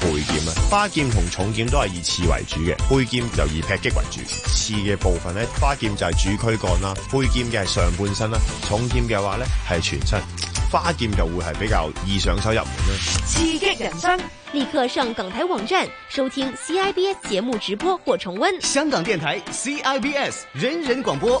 配劍啊，花劍同重劍都係以刺為主嘅，配劍就以劈擊為主。刺嘅部分咧，花劍就係主軀幹啦，配劍嘅係上半身啦，重劍嘅話咧係全身。花劍就會係比較易上手入門啦。刺激人生，立刻上港台網站收聽 CIBS 節目直播或重溫。香港電台 CIBS 人人廣播。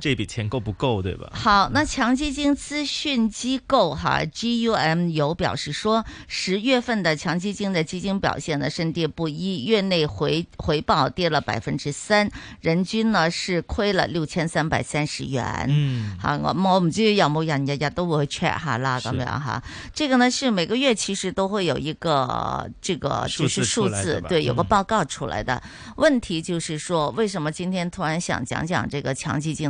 這筆錢夠不夠，對吧？好，那強基金資訊機構哈 GUM 有表示說，十月份的強基金的基金表現呢，深跌不一，月內回回報跌了百分之三，人均呢是虧了六千三百三十元嗯。嗯，好，我我唔知有冇人日日都不會去 check 下啦，咁樣哈。是這個呢是每個月其實都會有一個、呃、這個就是數字，數字對，有個報告出來的。嗯、問題就是說，為什麼今天突然想講講這個強基金？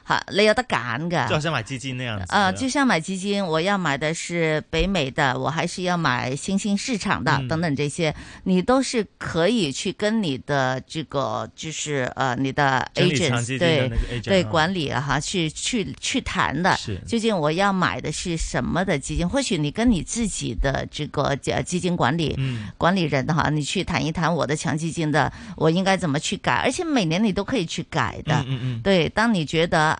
你有得揀噶，好就好像買基金那樣。啊、嗯，對就像買基金，我要買的是北美的，我還是要買新興市場的，嗯、等等這些，你都是可以去跟你的這個，就是，呃，你的 agent 對對，對管理哈、啊啊，去去去談的。是究竟我要買的是什麼的基金？或許你跟你自己的這個基金管理、嗯、管理人的、啊、哈，你去談一談我的強基金的，我應該怎麼去改？而且每年你都可以去改的。嗯嗯嗯對，當你覺得，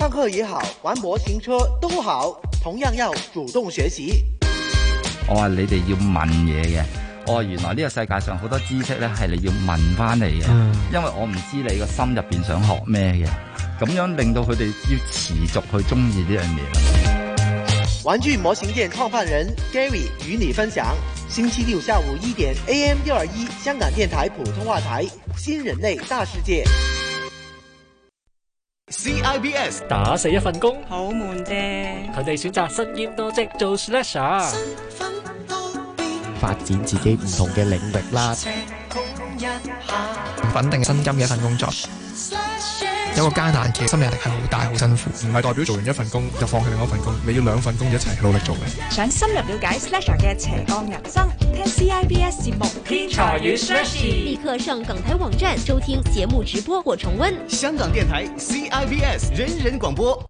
上課也好，玩模型車都好，同樣要主動學習。我話你哋要問嘢嘅，我話原來呢個世界上好多知識咧，係你要問翻嚟嘅，因為我唔知你個心入邊想學咩嘅，咁樣令到佢哋要持續去中意呢樣嘢。玩具模型店創辦人 Gary 與你分享，星期六下午一點，AM 六二一，香港電台普通話台，新人類大世界。CIBS 打死一份工好悶啫，佢哋選擇身兼多職做 slasher，發展自己唔同嘅領域啦，啊、唔肯定係薪金嘅一份工作。有個艱難期，心理壓力係好大，好辛苦，唔係代表做完一份工就放棄另外一份工。你要兩份工一齊努力做嘅。想深入了解 Slasher 嘅斜槓人生，聽 CIBS 節目，聽天才與 Slasher，立刻上港台網站收聽節目直播或重温。香港電台 CIBS 人人廣播。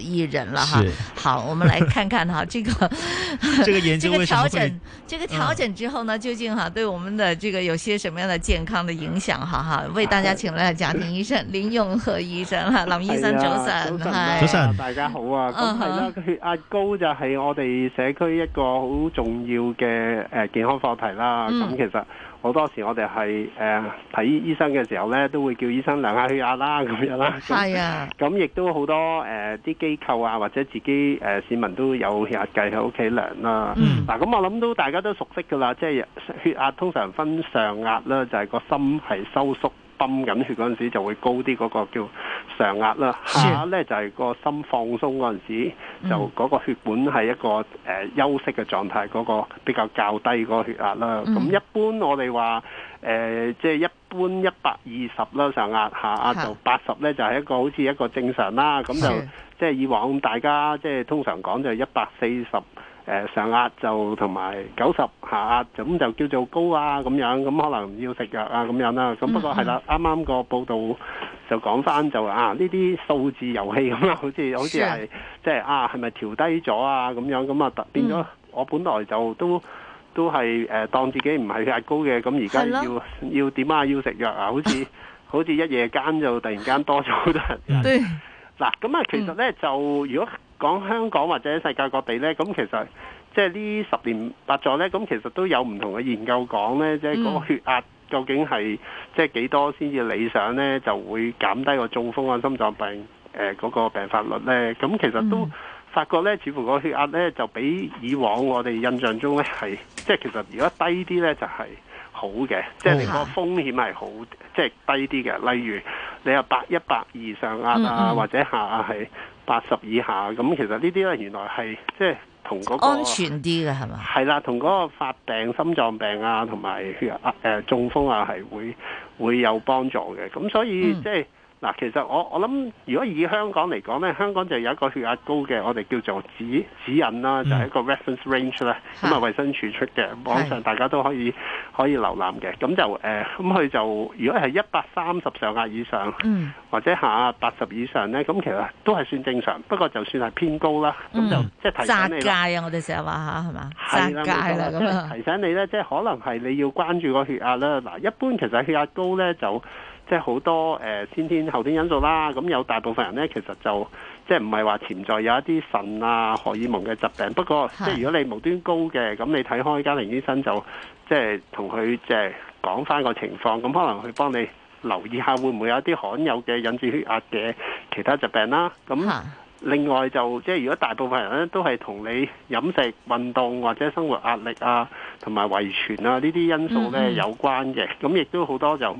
一人了哈，好，我們來看看哈，這個這個這個調整，這個調整之後呢，究竟哈對我們的這個有些什麼樣的健康的影響？哈哈，為大家請來了家庭醫生林永和醫生哈，林醫生早晨，早晨，早晨，大家好啊，嗯，血壓高就係我哋社區一個好重要嘅誒健康課題啦，咁其實。好多時我哋係誒睇醫生嘅時候咧，都會叫醫生量下血壓啦，咁樣啦。係啊，咁亦都好多誒啲、呃、機構啊，或者自己誒、呃、市民都有血壓計喺屋企量啦。嗱、嗯，咁、啊、我諗到大家都熟悉㗎啦，即、就、係、是、血壓通常分上壓啦，就係、是、個心係收縮。泵緊血嗰陣時就會高啲，嗰個叫上壓啦，啊、下壓呢，就係、是、個心放鬆嗰陣時，就嗰個血管係一個誒、呃、休息嘅狀態，嗰、那個比較較低嗰個血壓啦。咁、嗯、一般我哋話誒即係一般一百二十啦，上壓下壓就八十呢，就係一個好似一個正常啦。咁就即係、啊、以往大家即係、就是、通常講就係一百四十，誒、呃、上壓就同埋九十下壓，咁就，就叫做高啊咁樣，咁可能要食藥啊咁樣啦。咁、嗯、不過係啦，啱啱、嗯、個報道就講翻就話啊，呢啲數字遊戲咁啦，好似好似係即係啊，係咪調低咗啊咁樣咁啊，突變咗。我本來就都都係誒、啊、當自己唔係壓高嘅，咁而家要的要點啊？要食藥啊？好似、啊、好似一夜間就突然間多咗好多人。嗱咁對啊，其實咧、嗯、就如果。講香港或者世界各地呢，咁其實即係呢十年八載呢，咁其實都有唔同嘅研究講呢，即係嗰個血壓究竟係即係幾多先至理想呢，就會減低個中風啊、心臟病誒嗰個病發率呢。咁其實都發覺呢，似乎個血壓呢就比以往我哋印象中呢係，即係其實如果低啲呢，嗯，就係好嘅，即係你個風險係好即係低啲嘅。例如你有啊百一百二上壓啊或者下壓係八十以下咁，其實呢啲咧原來係即係同嗰個安全啲嘅係嘛？係啦，同嗰個發病心臟病啊，同埋誒中風啊，係會會有幫助嘅。咁所以即係。嗯嗱，其實我我諗，如果以香港嚟講咧，香港就有一個血壓高嘅，我哋叫做指指引啦，嗯、就係一個 reference range 啦。咁啊衛生署出嘅，網上大家都可以可以瀏覽嘅。咁是就誒，咁、呃、佢就如果係一百三十上壓以上，嗯、或者下八十以上咧，咁其實都係算正常，不過就算係偏高啦。咁、嗯、就即係提醒你啦。界、嗯、啊，我哋成日話下係嘛？界啦咁啊，提醒你咧，即係可能係你要關注個血壓啦。嗱，一般其實血壓高咧就。即係好多誒先天後天因素啦。咁有大部分人咧，其實就即係唔係話潛在有一啲腎啊荷爾蒙嘅疾病。不過即係是的 如果你無端高嘅，咁你睇開家庭醫生就即係同佢即係講返個情況。咁可能佢幫你留意一下會唔會有一啲罕有嘅引致血壓嘅其他疾病啦。咁是的 另外就即係、就是、如果大部分人咧都係同你飲食、運動或者生活壓力啊、同埋遺傳啊呢啲因素咧、嗯、有關嘅。咁亦都好多就。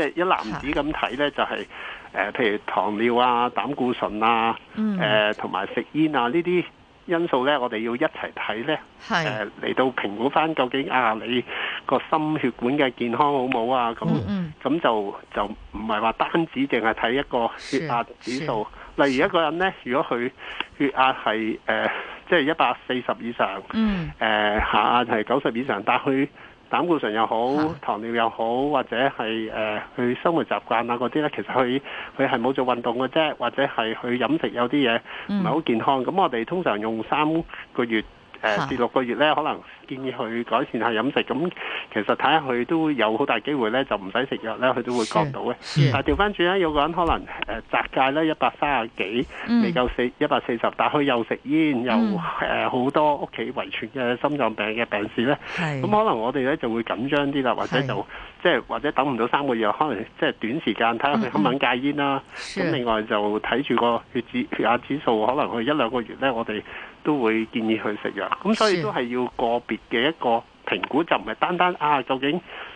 即係一男子咁睇呢，就係、是呃、譬如糖尿啊、膽固醇啊，誒、嗯，同埋、呃、食煙啊呢啲因素呢，我哋要一齊睇呢，誒嚟是、呃、到評估翻究竟啊，你個心血管嘅健康好唔好啊？咁咁、嗯嗯、就就唔係話單止淨係睇一個血壓指數。例如一個人呢，如果佢血壓係誒即係一百四十以上，誒、嗯呃、下壓係九十以上，但係膽固醇又好，糖尿又好，或者係誒佢生活習慣啊嗰啲咧，其實佢佢係冇做運動嘅啫，或者係佢飲食有啲嘢唔係好健康。咁、嗯、我哋通常用三個月誒至、呃、六個月咧，可能。建議佢改善下飲食，咁其實睇下佢都有好大機會呢，就唔使食藥呢，佢都會降到嘅。但係調翻轉呢，有個人可能誒暫、呃、戒呢，一百三十幾，嗯、未夠四一百四十，但係佢又食煙又誒好多屋企遺傳嘅心臟病嘅病史呢。咁是可能我哋呢就會緊張啲啦，或者就即係是或者等唔到三個月，可能即係短時間睇下佢肯唔肯戒煙啦、啊。咁、嗯、另外就睇住個血脂血壓指數，可能佢一兩個月呢，我哋都會建議佢食藥。咁所以都係要個別。嘅一個評估，就唔係單單啊，究竟。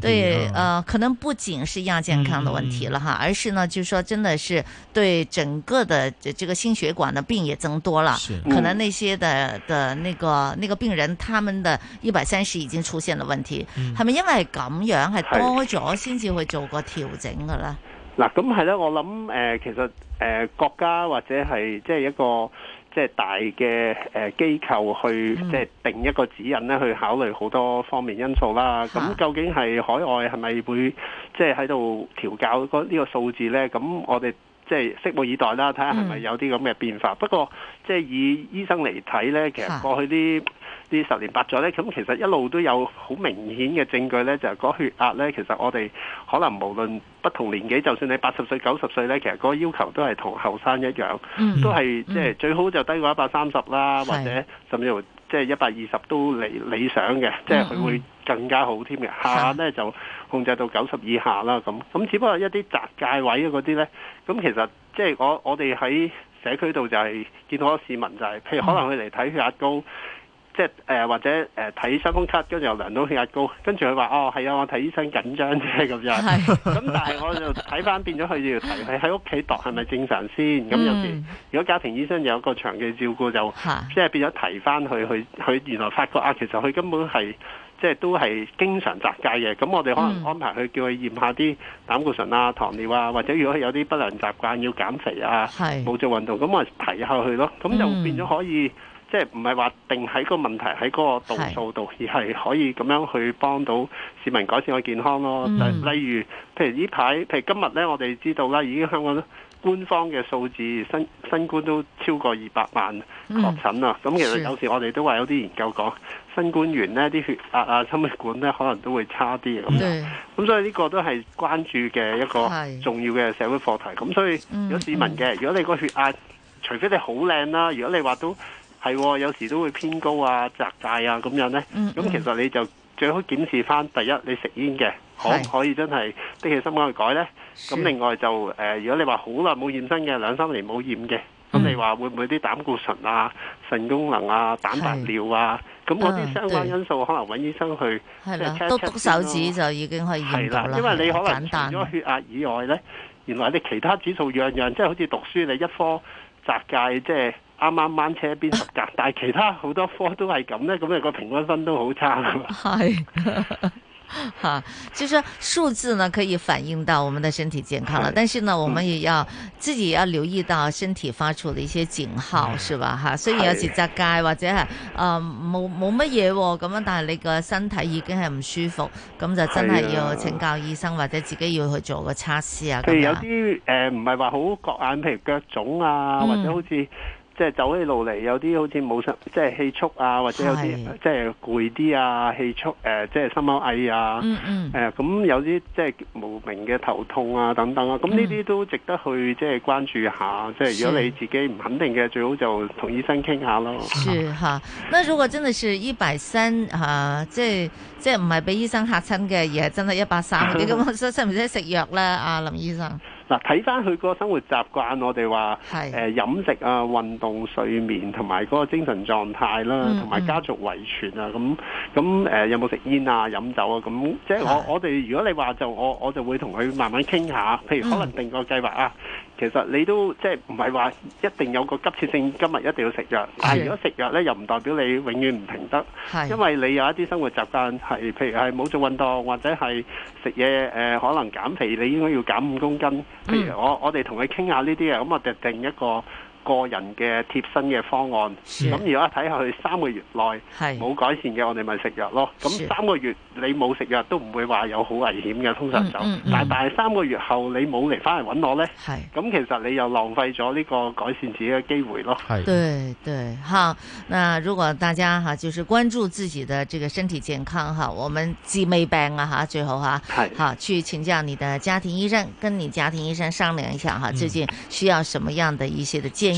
對，呃，可能不僅是亞健康的問題了哈，嗯、而是呢，就說真的是對整個的這個心血管的病也增多了，是可能那些的、嗯、的那個那個病人，他們的一百三十已經出現了問題，係咪、嗯、因為咁樣，係多咗先至會做個調整噶啦。嗱，咁係啦，我諗，誒、呃，其實，誒、呃，國家或者係即係一個。即係大嘅誒機構去即係定一個指引咧，去考慮好多方面因素啦。咁究竟係海外係咪會即係喺度調校呢個數字咧？咁我哋即係拭目以待啦，睇下係咪有啲咁嘅變化。不過即係以醫生嚟睇咧，其實過去啲啲十年八載呢，咁其實一路都有好明顯嘅證據呢。就係、是、嗰血壓呢，其實我哋可能無論不同年紀，就算你八十歲、九十歲呢，其實嗰要求都係同後生一樣，嗯、都係即係最好就低過一百三十啦，或者甚至乎即係一百二十都理的理想嘅，即係佢會更加好添嘅。嗯、下呢的就控制到九十以下啦。咁咁，只不過一啲窄界位嗰啲呢。咁其實即係我我哋喺社區度就係見到好多市民就係、是，譬如可能佢嚟睇血壓高。即係誒、呃、或者誒睇傷風咳，跟住又量到血壓高，跟住佢話：哦係啊，我睇醫生緊張啫咁樣。咁 但係我就睇翻 變咗，佢要提佢喺屋企度係咪正常先。咁有時如果家庭醫生有個長期照顧，就即係變咗提翻佢，佢佢原來發覺啊，其實佢根本係即係都係經常習慣嘅。咁我哋可能安排佢、嗯、叫佢驗一下啲膽固醇啊、糖尿啊，或者如果有啲不良習慣要減肥啊、冇是做運動，咁我提下佢咯。咁就變咗可以。嗯即係唔係話定喺個問題喺嗰個度數度，是而係可以咁樣去幫到市民改善個健康咯。嗯、例如，譬如呢排，譬如今日呢，我哋知道啦，已經香港官方嘅數字新新冠都超過二百萬確診啦。咁、嗯、其實有時我哋都話有啲研究講，是新冠完呢啲血壓啊、心血管呢，可能都會差啲咁樣。咁是所以呢個都係關注嘅一個重要嘅社會課題。咁是所以有、嗯、市民嘅，如果你個血壓，除非你好靚啦，如果你話都，係，有時都會偏高啊、擦界啊咁樣呢。咁其實你就最好檢視返，第一你食煙嘅可唔可以真係的起心肝去改呢？咁另外就誒，如果你話好耐冇驗身嘅，兩三年冇驗嘅，咁你話會唔會啲膽固醇啊、腎功能啊、蛋白尿啊，咁嗰啲相關因素可能揾醫生去。係啦，都篤手指就已經可以係啦，因為你可能除咗血壓以外呢，原來你其他指數樣樣，即係好似讀書你一科擦界即係。啱啱掹車邊，但係其他好多科都係咁咧，咁你、啊、個平均分，分都好差噶嘛。係，吓，其實數字呢可以反映到我們的身體健康啦，是但是呢，我們也要、嗯、自己要留意到身體發出的一些警號，是，是吧？哈、啊，雖然有時制街或者係誒冇冇乜嘢咁樣，但係你個身體已經係唔舒服，咁就真係要請教醫生、啊、或者自己要去做個測試啊。譬如有啲誒唔係話好割眼皮腳腫啊，嗯、或者好似。即係走起路嚟有啲好似冇心，即係氣促啊，或者有啲是即係攰啲啊，氣促誒、呃，即係心口翳啊，誒咁、嗯嗯呃、有啲即係無名嘅頭痛啊等等啊，咁呢啲都值得去即係關注下。嗯、即係如果你自己唔肯定嘅，是最好就同醫生傾下咯。是哈，那如果真係是一百三嚇、啊，即係即係唔係俾醫生嚇親嘅，而係真係一百三嗰啲咁，需唔需要食藥咧？阿林醫生。嗱，睇翻佢個生活習慣，我哋話是、呃、飲食啊、運動、睡眠同埋嗰個精神狀態啦，同埋、嗯、家族遺傳啊，咁咁、呃、有冇食煙啊、飲酒啊？咁即係我是我哋如果你話就我我就會同佢慢慢傾下，譬如可能定個計劃、嗯、啊。其實你都即係唔係話一定有個急切性，今日一定要食藥。的但係如果食藥呢，又唔代表你永遠唔停得，的因為你有一啲生活習慣係，譬如係冇做運動或者係食嘢誒，可能減肥，你應該要減五公斤。譬如我、嗯、我哋同你傾下呢啲啊，咁我哋定一個個人嘅貼身嘅方案，咁而家睇下佢三個月內冇是改善嘅，我哋咪食藥咯。咁是三個月你冇食藥都唔會話有好危險嘅，通常就，嗯嗯嗯、但係三個月後你冇嚟翻嚟揾我呢，咁是其實你又浪費咗呢個改善自己嘅機會咯。係是，對對，嗱，那如果大家哈，就是關注自己的這個身體健康哈，我們治未病啊，哈，最後哈、啊，係是，好去請教你的家庭醫生，跟你家庭醫生商量一下哈，最近需要什麼樣的一些的建議。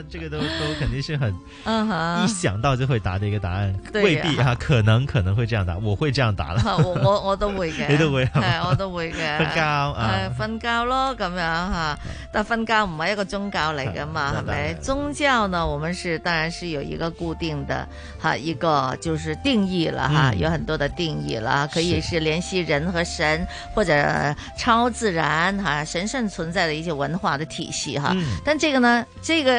但這個都都肯定是很，一想到就會答的一個答案，未必啊，可能可能會這樣答，我會這樣答了，我我我都會嘅，你都會係，我都會嘅，瞓覺係瞓覺咯，咁樣吓，但瞓覺唔係一個宗教嚟噶嘛，係咪？宗教呢，我們是當然是有一個固定的哈，一個就是定義了哈，有很多的定義了，可以是聯繫人和神或者超自然哈，神聖存在的一些文化的體系哈，但這個呢，這個。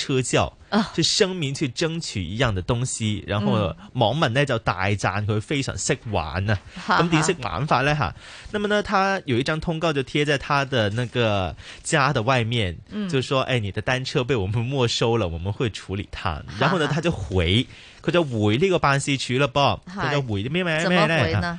車叫，後，去聲明去爭取一樣嘅東西，然後網民呢，嗯、就大讚佢非常識玩啊！咁點識玩法咧吓？那麼呢，他有一張通告就貼在他的那個家的外面，嗯、就說：誒、哎，你的單車被我們沒收了，我們會處理他。然後呢，他就回，佢就回呢個辦事處了噃，佢哈就回啲咩咩咩咧。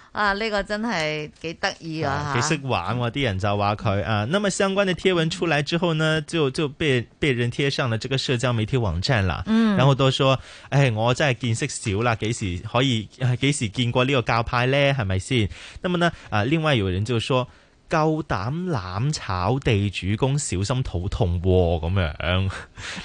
啊！呢個真係幾得意啊，幾識玩喎！啲、嗯、人就話佢啊，那麼相關的貼文出來之後呢，就就被被人貼上了這個社交媒體網站啦。嗯，然後都說，誒、哎，我真係見識少啦，幾時可以幾時見過呢個教派咧？係咪先？咁呢？啊，另外有人就說。夠膽攬炒地主公，小心肚痛咁樣。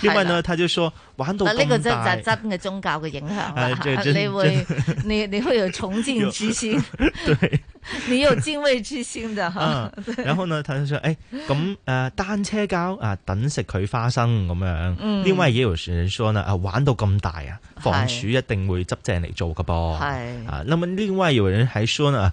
另外呢，的他就說玩到咁大，呢、啊這個就就真嘅宗教嘅影響、啊這個、你會 你你會有崇敬之心，對， 你有敬畏之心的哈。啊、對然後呢，他就說：誒、欸，咁誒、呃、單車膠啊，等食佢花生咁樣。嗯、另外有人說啊玩到咁大啊，房署一定會執正嚟做嘅噃。係的啊，那麼另外有人還說呢。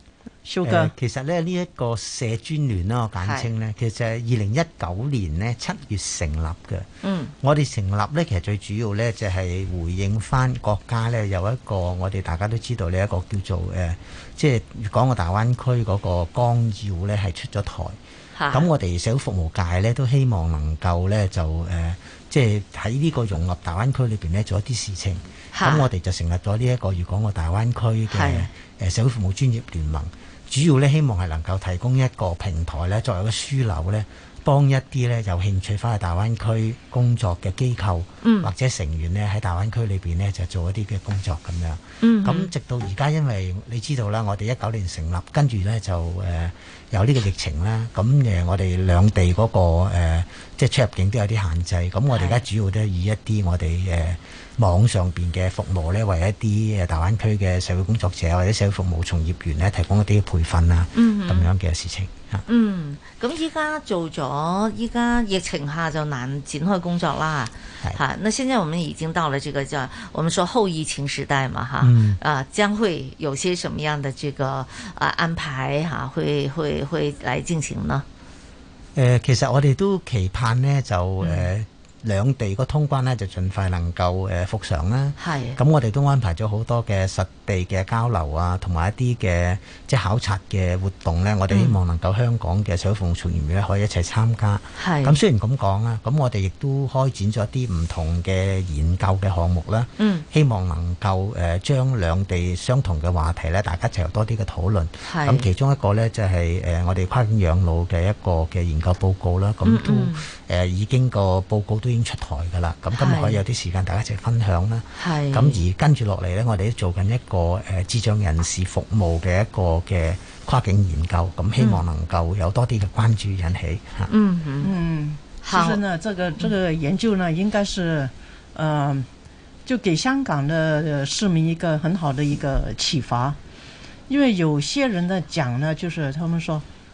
Sugar? 呃、其實咧呢一、這個社專聯咧，我簡稱呢，是其實係二零一九年七月成立嘅。嗯，我哋成立呢，其實最主要呢，就係、是、回應翻國家呢有一個我哋大家都知道呢一個叫做誒，即、呃、係、就是、粵港澳大灣區嗰個綱要呢係出咗台。咁是我哋社會服務界呢，都希望能夠呢，就誒，即係喺呢個融入大灣區裏面呢，做一啲事情。咁是我哋就成立咗呢一個，粵港澳大灣區嘅誒社會服務專業聯盟。主要咧希望係能夠提供一個平台咧，作為一個樞紐咧，幫一啲咧有興趣翻去大灣區工作嘅機構、嗯、或者成員咧，喺大灣區裏面咧就做一啲嘅工作咁樣。咁、嗯、哼直到而家，因為你知道啦，我哋一九年成立，跟住咧就誒、呃、有呢個疫情啦，咁我哋兩地嗰、嗰個即係、呃、出入境都有啲限制，咁我哋而家主要都以一啲我哋誒。呃網上邊嘅服務咧，為一啲誒大灣區嘅社會工作者或者社會服務從業員呢提供一啲培訓啊，咁、嗯嗯、樣嘅事情。嗯，咁依家做咗，依家疫情下就難展開工作啦。係是、啊、那現在我們已經到了這個叫我們說後疫情時代嘛，嚇啊、嗯、啊，將會有些什麼樣的這個啊安排、啊？嚇，會會會來進行呢？誒、呃，其實我哋都期盼呢，就誒。嗯兩地個通關咧就盡快能夠誒復常啦。咁是我哋都安排咗好多嘅實地嘅交流啊，同埋一啲嘅即係考察嘅活動咧，嗯、我哋希望能夠香港嘅社會服務從業員咧可以一齊參加。咁是雖然咁講啊，咁我哋亦都開展咗一啲唔同嘅研究嘅項目啦。嗯。希望能夠誒將兩地相同嘅話題咧，大家一齊有多啲嘅討論。咁是其中一個咧就係、是、我哋跨境養老嘅一個嘅研究報告啦。咁都、嗯。嗯誒已經個報告都已經出台㗎啦，咁今日可以有啲時間大家一齊分享啦。係，咁而跟住落嚟咧，我哋做緊一個誒智障人士服務嘅一個嘅跨境研究，咁希望能夠有多啲嘅關注引起嚇。嗯嗯，好。其實呢，即、這、係、個這個研究呢，應該是，嗯、呃，就給香港嘅市民一個很好的一個啟發，因為有些人嘅講呢，就是他們說。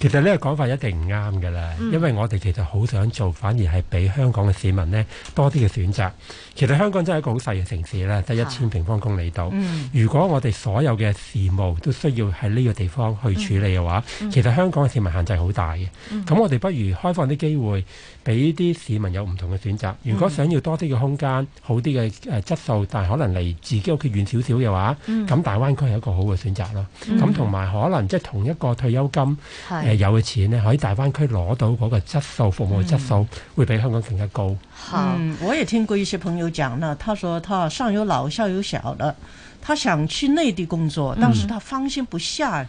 其實呢個講法一定唔啱㗎啦，嗯、因為我哋其實好想做，反而係俾香港嘅市民呢多啲嘅選擇。其實香港真係一個好細嘅城市啦，得的一千平方公里度。嗯、如果我哋所有嘅事務都需要喺呢個地方去處理嘅話，嗯嗯、其實香港嘅市民限制好大嘅。咁、嗯、我哋不如開放啲機會，俾啲市民有唔同嘅選擇。如果想要多啲嘅空間、好啲嘅誒質素，但係可能離自己屋企遠少少嘅話，咁、嗯、大灣區係一個好嘅選擇咯。咁同埋可能即係同一個退休金。有嘅錢呢，喺大灣區攞到嗰個質素，服務質素會比香港更加高。嗯，我也聽過一些朋友講呢，佢話，他說他上有老下有小的，他想去內地工作，但是他放心不下。嗯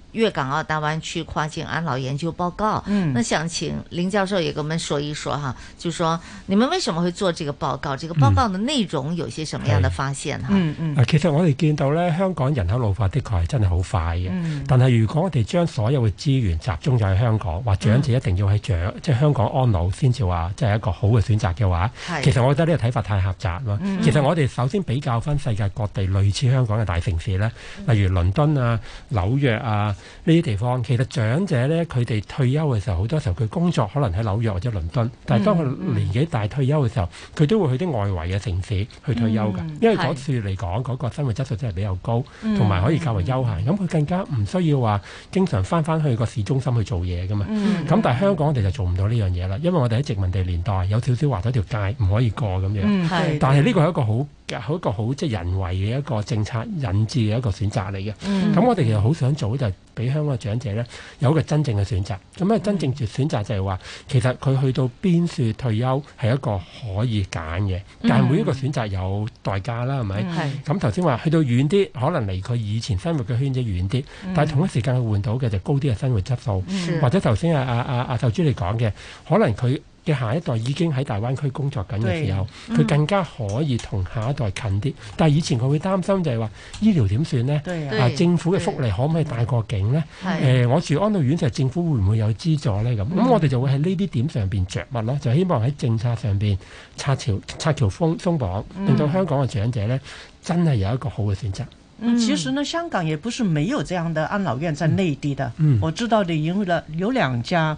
粵港澳大灣區跨境安老研究報告，嗯，那想請林教授也跟我們說一說哈，就說你們為什麼會做這個報告？嗯、這個報告的內容有些什麼樣的發現哈？嗯嗯，其實我哋見到呢，香港人口老化的確係真係好快嘅。嗯、但係如果我哋將所有嘅資源集中在香港，話長者一定要喺長，嗯、即係香港安老先至話，即係一個好嘅選擇嘅話，係，其實我覺得呢個睇法太狹窄咯。嗯、其實我哋首先比較翻世界各地類似香港嘅大城市呢，例如倫敦啊、紐約啊。呢啲地方其實長者呢，佢哋退休嘅時候，好多時候佢工作可能喺紐約或者倫敦，但係當佢年紀大退休嘅時候，佢、嗯、都會去啲外圍嘅城市去退休㗎，嗯、因為嗰次嚟講嗰個生活質素真係比較高，同埋、嗯、可以較為休閒。咁佢更加唔需要話經常翻返去個市中心去做嘢㗎嘛。咁、嗯、但係香港我哋就做唔到呢樣嘢啦，因為我哋喺殖民地年代有少少劃咗條街唔可以過咁樣。嗯、但係呢個係一個好。係一個好即係人為嘅一個政策引致嘅一個選擇嚟嘅。咁、嗯、我哋其實好想做就係俾香港嘅長者咧有一個真正嘅選擇。咁、那、啊、個、真正嘅選擇就係話、嗯、其實佢去到邊處退休係一個可以揀嘅，嗯、但係每一個選擇有代價啦，係咪？咁頭先話去到遠啲，可能離佢以前生活嘅圈子遠啲，嗯、但係同一時間換到嘅就高啲嘅生活質素，嗯、或者頭先啊啊啊杏修、啊、你講嘅，可能佢。嘅下一代已經喺大灣區工作緊嘅時候，佢、嗯、更加可以同下一代近啲。但係以前佢會擔心就係話醫療點算呢？啊，政府嘅福利可唔可以帶過境呢？誒，我住安老院就政府會唔會有資助呢？咁咁、嗯、我哋就會喺呢啲點上邊着墨咯，就希望喺政策上邊拆橋拆橋封鬆綁，令到香港嘅長者呢真係有一個好嘅選擇。嗯嗯、其實呢香港也不是沒有這樣的安老院在內地的。嗯嗯、我知道你有兩有兩家。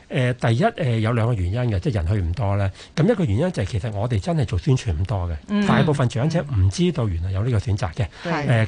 誒，第一，誒有兩個原因嘅，即係人去唔多咧。咁一個原因就係其實我哋真係做宣傳唔多嘅，大部分長者唔知道原來有呢個選擇嘅。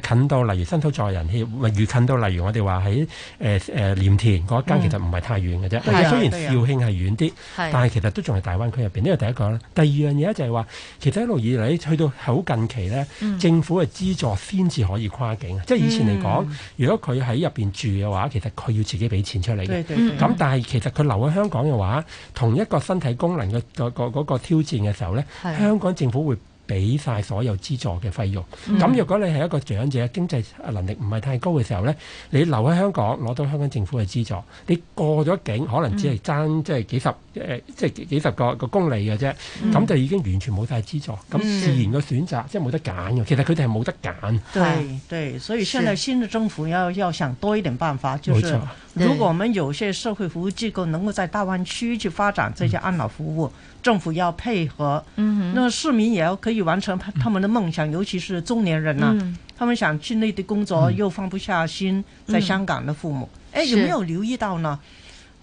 誒近到例如新土在人去，越近到例如我哋話喺誒誒廉田嗰間，其實唔係太遠嘅啫。雖然肇慶係遠啲，但係其實都仲係大灣區入邊。呢個第一個啦。第二樣嘢咧就係話，其實一路以嚟去到好近期呢，政府嘅資助先至可以跨境。即係以前嚟講，如果佢喺入邊住嘅話，其實佢要自己俾錢出嚟嘅。咁但係其實佢留喺香港嘅話，同一個身體功能嘅，嗰個、嗰個嗰挑戰嘅時候咧，香港政府會俾晒所有資助嘅費用。咁如果你係一個長者，經濟能力唔係太高嘅時候咧，你留喺香港攞到香港政府嘅資助，你過咗境可能只係爭即係幾十。呃、即係幾十個,個公里嘅啫，咁、嗯、就已經完全冇晒資助，咁、嗯、自然嘅選擇即係冇得揀嘅。其實佢哋係冇得揀。係，對，所以現在新嘅政府要是要想多一點辦法，就是，如果我們有些社會服務機構能夠在大灣區去發展這些安老服務，嗯、政府要配合，嗯、哼那市民也要可以完成他們的夢想，嗯、尤其是中年人啦、啊，嗯、他們想去內地工作又放不下心，嗯、在香港的父母、欸，有沒有留意到呢？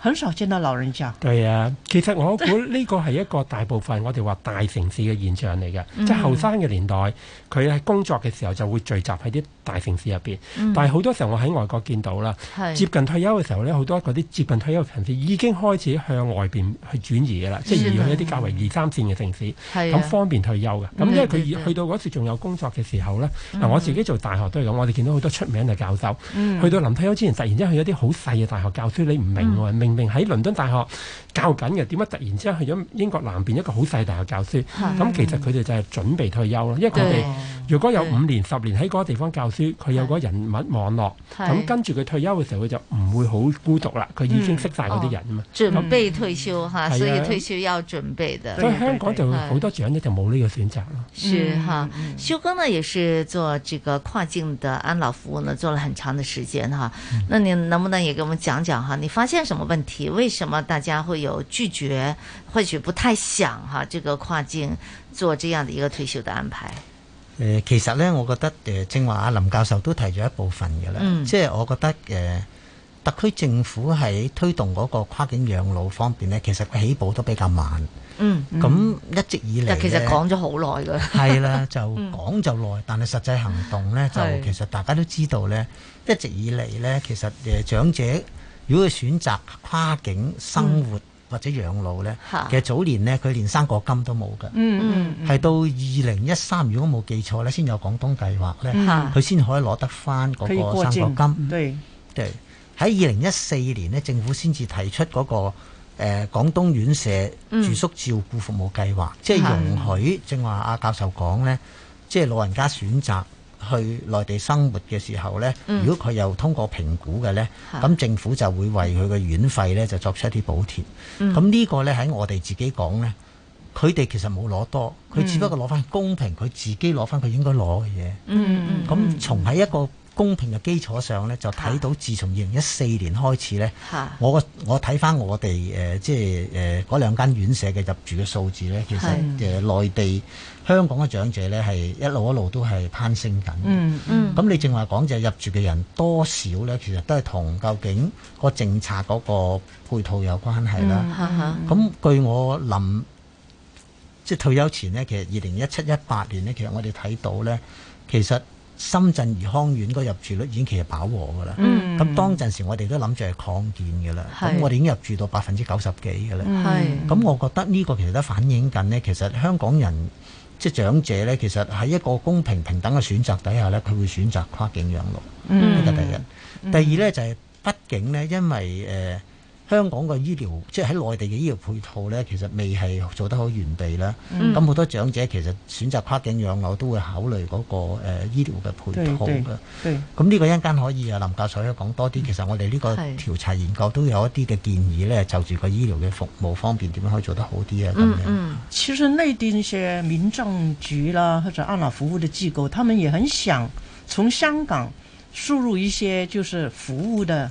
很少見到老人家。對啊，其實我估呢個係一個大部分我哋話大城市嘅現象嚟嘅，即係後生嘅年代，佢喺工作嘅時候就會聚集喺啲大城市入邊。但係好多時候我喺外國見到啦，接近退休嘅時候呢，好多嗰啲接近退休嘅城市已經開始向外邊去轉移嘅啦，即係移去一啲較為二三線嘅城市，咁方便退休嘅。咁因為佢去到嗰時仲有工作嘅時候呢，嗱我自己做大學都係咁，我哋見到好多出名嘅教授，去到臨退休之前，突然之間去一啲好細嘅大學教書，你唔明喎，明？明明喺倫敦大學教緊嘅，點解突然之間去咗英國南邊一個好細大學教書？咁其實佢哋就係準備退休咯。因為佢哋如果有五年、十年喺嗰個地方教書，佢有嗰人物網絡，咁跟住佢退休嘅時候，佢就唔會好孤獨啦。佢已經識晒嗰啲人啊嘛。準備退休哈，所以退休要準備的。所以香港就好多長者就冇呢個選擇咯。是哈，修哥呢也是做這個跨境的安老服務呢，做了很長的時間哈。那你能不能也給我們講講哈？你發現什麼問？問題為什麼大家會有拒絕，或許不太想哈？這個跨境做這樣的一個退休的安排。誒、呃，其實咧，我覺得誒，正話阿林教授都提咗一部分嘅啦。嗯、即係我覺得誒、呃，特區政府喺推動嗰個跨境養老方面咧，其實起步都比較慢。嗯。咁、嗯、一直以嚟，就其實講咗好耐噶。係 啦，就講就耐，嗯、但係實際行動咧，就其實大家都知道咧，是一直以嚟咧，其實誒長者。如果佢選擇跨境生活或者養老呢，嗯、其實早年呢，佢連生果金都冇嘅，係、嗯嗯嗯、到二零一三，如果冇記錯呢，先有廣東計劃呢，佢先可以攞得返嗰個生果金。對，喺二零一四年呢，政府先至提出嗰、嗰個誒廣、呃、東院舍住宿照顧服務計劃，即係容許，正話阿教授講呢，即係老人家選擇。去內地生活嘅時候呢，如果佢又通過評估嘅呢，咁、嗯、政府就會為佢嘅院費呢就作出一啲補貼。咁呢、嗯、個呢，喺我哋自己講呢，佢哋其實冇攞多，佢只不過攞翻公平，佢自己攞翻佢應該攞嘅嘢。咁從喺一個公平嘅基礎上呢，就睇到自從二零一四年開始呢、嗯，我我我睇翻我哋誒即係誒嗰兩間院舍嘅入住嘅數字呢，其實誒內的、呃、地。香港嘅長者咧係一路一路都係攀升緊，嗯嗯。咁、嗯、你正話講就係、入住嘅人多少咧，其實都係同究竟個政策嗰個配套有關係啦。咁、嗯嗯、據我諗，即係退休前呢，其實二零一七一八年呢，其實我哋睇到咧，其實深圳怡康院嗰入住率已經其實飽和㗎啦。咁、嗯、當陣時我哋都諗住係擴建㗎啦。咁是我哋已經入住到百分之九十幾㗎啦。係。咁是我覺得呢個其實都反映緊呢，其實香港人。即係長者咧，其實喺一個公平平等嘅選擇底下咧，佢會選擇跨境養老，呢個、嗯、第一。第二咧就係，畢竟咧，因為誒。呃香港嘅醫療，即係喺內地嘅醫療配套咧，其實未係做得好完備啦。咁好、嗯、多長者其實選擇跨境養老都會考慮嗰、那個誒、呃、醫療嘅配套嘅。咁呢個一間可以啊，林教授講多啲。嗯、其實我哋呢個調查研究都有一啲嘅建議咧，對就住個醫療嘅服務方面點樣可以做得好啲啊咁樣。其實內地一些民政局啦或者安老服務嘅機構，他們也很想從香港輸入一些就是服務的。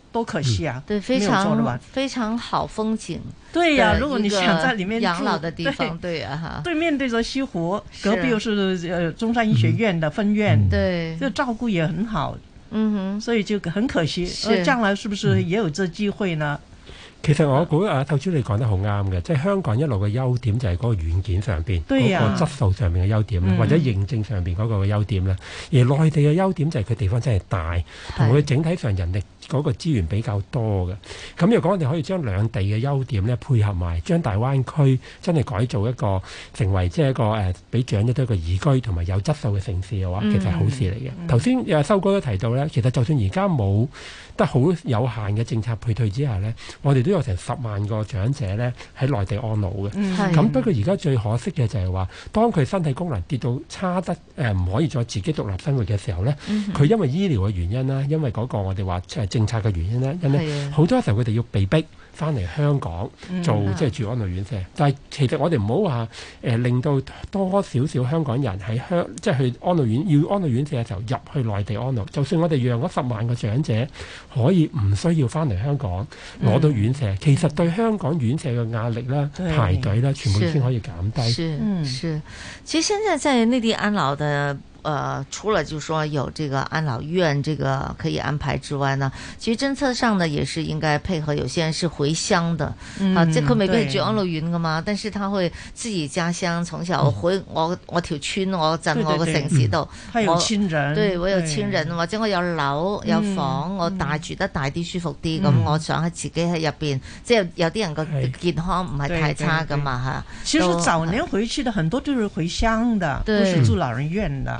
多可惜啊！非常好風景。對呀，如果你想在裡面養老的地方，對啊哈，對面對着西湖，隔壁又是呃中山醫學院的分院，對，就照顧也很好。嗯哼，所以就很可惜。是，將來是不是也有這機會呢？其實我估啊，頭先你講得好啱嘅，即係香港一路嘅優點就係嗰個軟件上邊，嗰個質素上面嘅優點，或者認證上邊嗰個嘅優點咧。而內地嘅優點就係佢地方真係大，同佢整體上人力。嗰個資源比較多嘅，咁如果我哋可以將兩地嘅優點咧配合埋，將大灣區真係改造一個成為即係一個誒，俾、呃、長者都一個宜居同埋有，有質素嘅城市嘅話，其實係好事嚟嘅。頭先阿修哥都提到呢，其實就算而家冇得好有限嘅政策配對之下呢，我哋都有成十萬個長者呢喺內地安老嘅。咁、嗯、不過而家最可惜嘅就係話，當佢身體功能跌到差得誒，唔、呃、可以再自己獨立生活嘅時候呢，佢因為醫療嘅原因啦，因為嗰個我哋話即係政策嘅原因咧，因為好多時候佢哋要被逼翻嚟香港做、嗯、即係住安老院舍，嗯、但係其實我哋唔好話誒令到多少少香港人喺香即係去安老院要安老院舍嘅時候入去內地安老，就算我哋讓嗰十萬個長者可以唔需要翻嚟香港攞到院舍，嗯、其實對香港院舍嘅壓力咧、排隊咧，全部先可以減低。嗯，是，是是，嗯嗯，其實現在在內地安老的。呃，除了就說有這個安老院，這個可以安排之外呢，其實政策上呢，也是應該配合。有些人是回鄉的，啊，即係佢未必住安老院噶嘛，但是他會自己家鄉，從小回我我條村，我在我個城市度，他有親人，對，我有親人或者我有樓有房，我大住得大啲舒服啲，咁我想喺自己喺入邊，即係有啲人個健康唔係太差噶嘛吓。其實早年回去的很多都是回鄉的，都是住老人院的。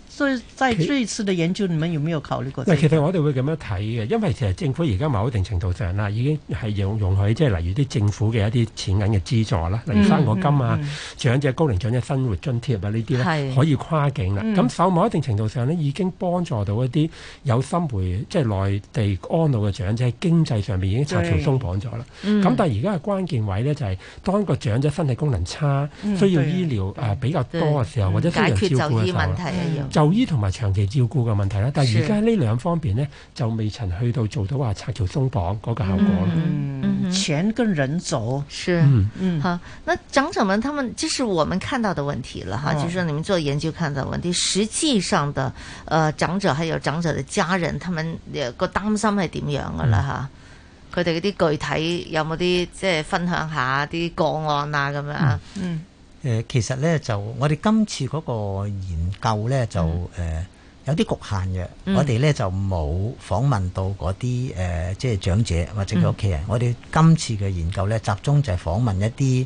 所以，在這次的研究，你們有沒有考慮過嗱、這個，其實我哋會咁樣睇嘅，因為其實政府而家某一定程度上啦，已經係容容許即係、就是、例如啲政府嘅一啲錢銀嘅資助啦，例如生果金啊、嗯嗯、長者高齡長者生活津貼這些啊呢啲是可以跨境啦。咁受、嗯、某一定程度上咧，已經幫助到一啲有心回即係內地安老嘅長者，喺經濟上面已經拆牆鬆綁咗啦。咁、嗯、但係而家嘅關鍵位呢、就是，就係當個長者身體功能差，需要醫療誒比較多嘅時候，對或者需要照護嘅時候。就醫同埋長期照顧嘅問題啦，但係而家呢兩方面呢，是就未曾去到做到話拆橋鬆綁嗰個效果咯、嗯嗯。錢跟人走，是，嗯嗯，那長者們，他們即是我們看到的問題啦，哦、就是說你們做研究看到問題，實際上的，誒、呃，長者係有長者的家人，他們個擔心係點樣噶啦，吓、嗯，佢哋嗰啲具體有冇啲即係分享下啲個案啊，咁樣啊，嗯。嗯呃、其實咧就我哋今次嗰個研究咧就誒、嗯呃、有啲局限嘅，嗯、我哋咧就冇訪問到嗰啲誒即係長者或者佢屋企人。嗯、我哋今次嘅研究咧，集中就係訪問一啲誒、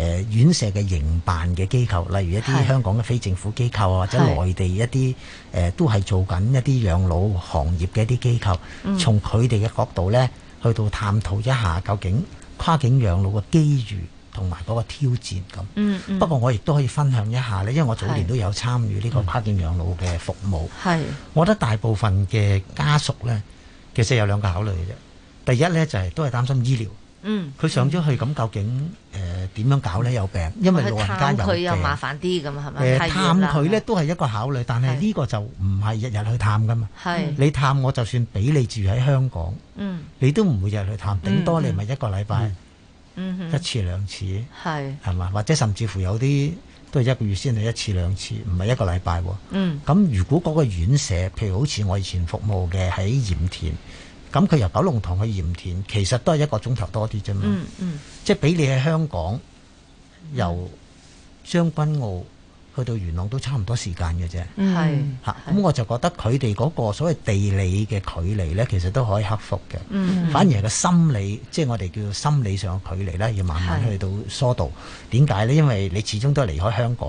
呃、院舍嘅營辦嘅機構，例如一啲香港嘅非政府機構啊，或者內地一啲誒、呃、都係做緊一啲養老行業嘅一啲機構，從佢哋嘅角度咧，去到探討一下究竟跨境養老嘅機遇。同埋嗰個挑戰咁，嗯嗯、不過我亦都可以分享一下咧，因為我早年都有參與呢個跨境養老嘅服務。係，嗯、我覺得大部分嘅家屬咧，其實有兩個考慮嘅啫。第一咧就係、是、都係擔心醫療。嗯。佢、嗯、上咗去咁，究竟誒點、呃、樣搞咧？有病，因為老人家有嘅。去探佢又麻煩啲咁，係咪？探佢咧都係一個考慮，但係呢個就唔係日日去探㗎嘛。係是。你探我就算俾你住喺香港，嗯，你都唔會日日去探，嗯、頂多你咪一個禮拜、嗯。嗯、mm hmm. 一次兩次，係係嘛？或者甚至乎有啲都係一個月先係一次兩次，唔係一個禮拜喎。嗯、mm，咁、hmm. 如果嗰個院舍，譬如好似我以前服務嘅喺鹽田，咁佢由九龍塘去鹽田，其實都係一個鐘頭多啲啫嘛。嗯嗯、mm，hmm. 即係畀你喺香港由將軍澳去到元朗都差唔多時間嘅啫，咁我就覺得佢哋嗰個所謂地理嘅距離呢，其實都可以克服嘅。嗯、反而係個心理，即、就、係、是、我哋叫做心理上嘅距離呢，要慢慢去到疏導。點解是呢？因為你始終都係離開香港，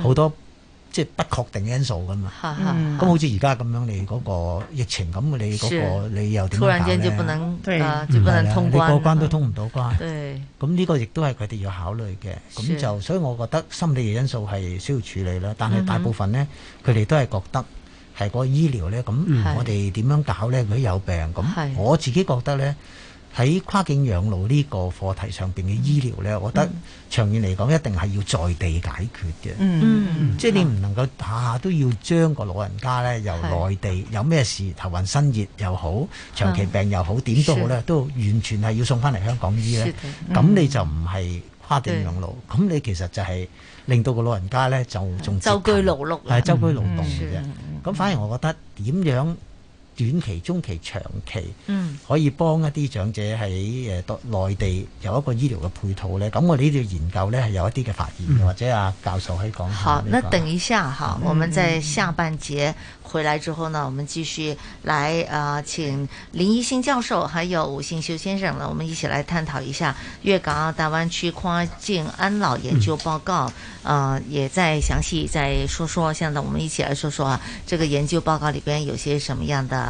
好、嗯、多。即係不確定因素㗎嘛，咁、嗯、好似而家咁樣你嗰個疫情咁，那你嗰個你又點搞咧？突然間就不能對啊，就不能通關，過關都通唔到關。咁呢對個亦都係佢哋要考慮嘅。咁就是所以，我覺得心理嘅因素係需要處理啦。但係大部分呢，佢哋、嗯、哼都係覺得係個醫療呢。咁我哋點樣搞呢？佢、嗯、是有病。咁我自己覺得呢。喺跨境養老呢個課題上面嘅醫療呢，我覺得長遠嚟講一定係要在地解決嘅、嗯。嗯即係你唔能夠下下、啊啊、都要將個老人家呢由內地有咩事頭暈身熱又好，長期病又好，點都、嗯、好呢，都完全係要送翻嚟香港醫呢。咁、嗯、你就唔係跨境養老，咁對你其實就係令到個老人家呢就仲周居勞碌，係周、嗯、居勞動嘅。咁、嗯、反而我覺得點樣？短期、中期、長期，可以幫一啲長者喺誒內地有一個醫療嘅配套呢咁、嗯、我呢度研究呢，係有一啲嘅發現，嗯、或者阿教授喺講。好，這個、那等一下哈，好嗯、我們在下半節回來之後呢，我們繼續來啊、呃、請林一星教授，還有伍杏修先生呢，我們一起來探討一下粵港澳大灣區跨境安老研究報告。嗯、呃，也再詳細再說說。現在我們一起來說說啊，這個研究報告裡邊有些什麼樣的？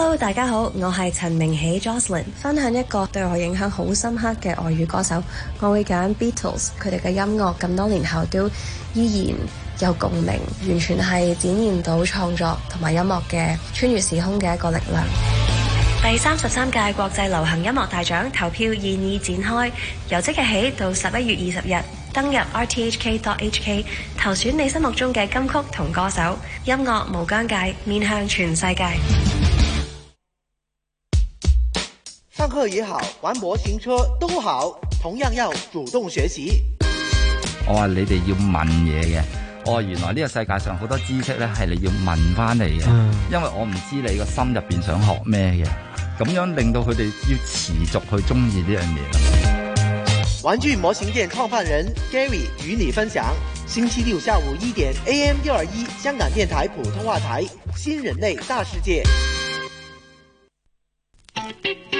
Hello，大家好，我係陳明喜 Jocelyn，分享一個對我影響好深刻嘅外語歌手。我會揀 Beatles，佢哋嘅音樂咁多年後都依然有共鳴，完全係展現到創作同埋音樂嘅穿越時空嘅一個力量。第三十三屆國際流行音樂大獎投票現已展開，由即日起到十一月二十日登入 RTHK dot hk，投選你心目中嘅金曲同歌手。音樂無疆界，面向全世界。上課也好，玩模型車都好，同樣要主動學習。我話你哋要問嘢嘅，我話原來呢個世界上好多知識咧，係你要問翻嚟嘅， 因為我唔知道你個心入邊想學咩嘅，咁樣令到佢哋要持續去鍾意呢樣嘢。玩具模型店創辦人 Gary 與你分享，星期六下午一點 AM 六二一，香港電台普通話台《新人類大世界》。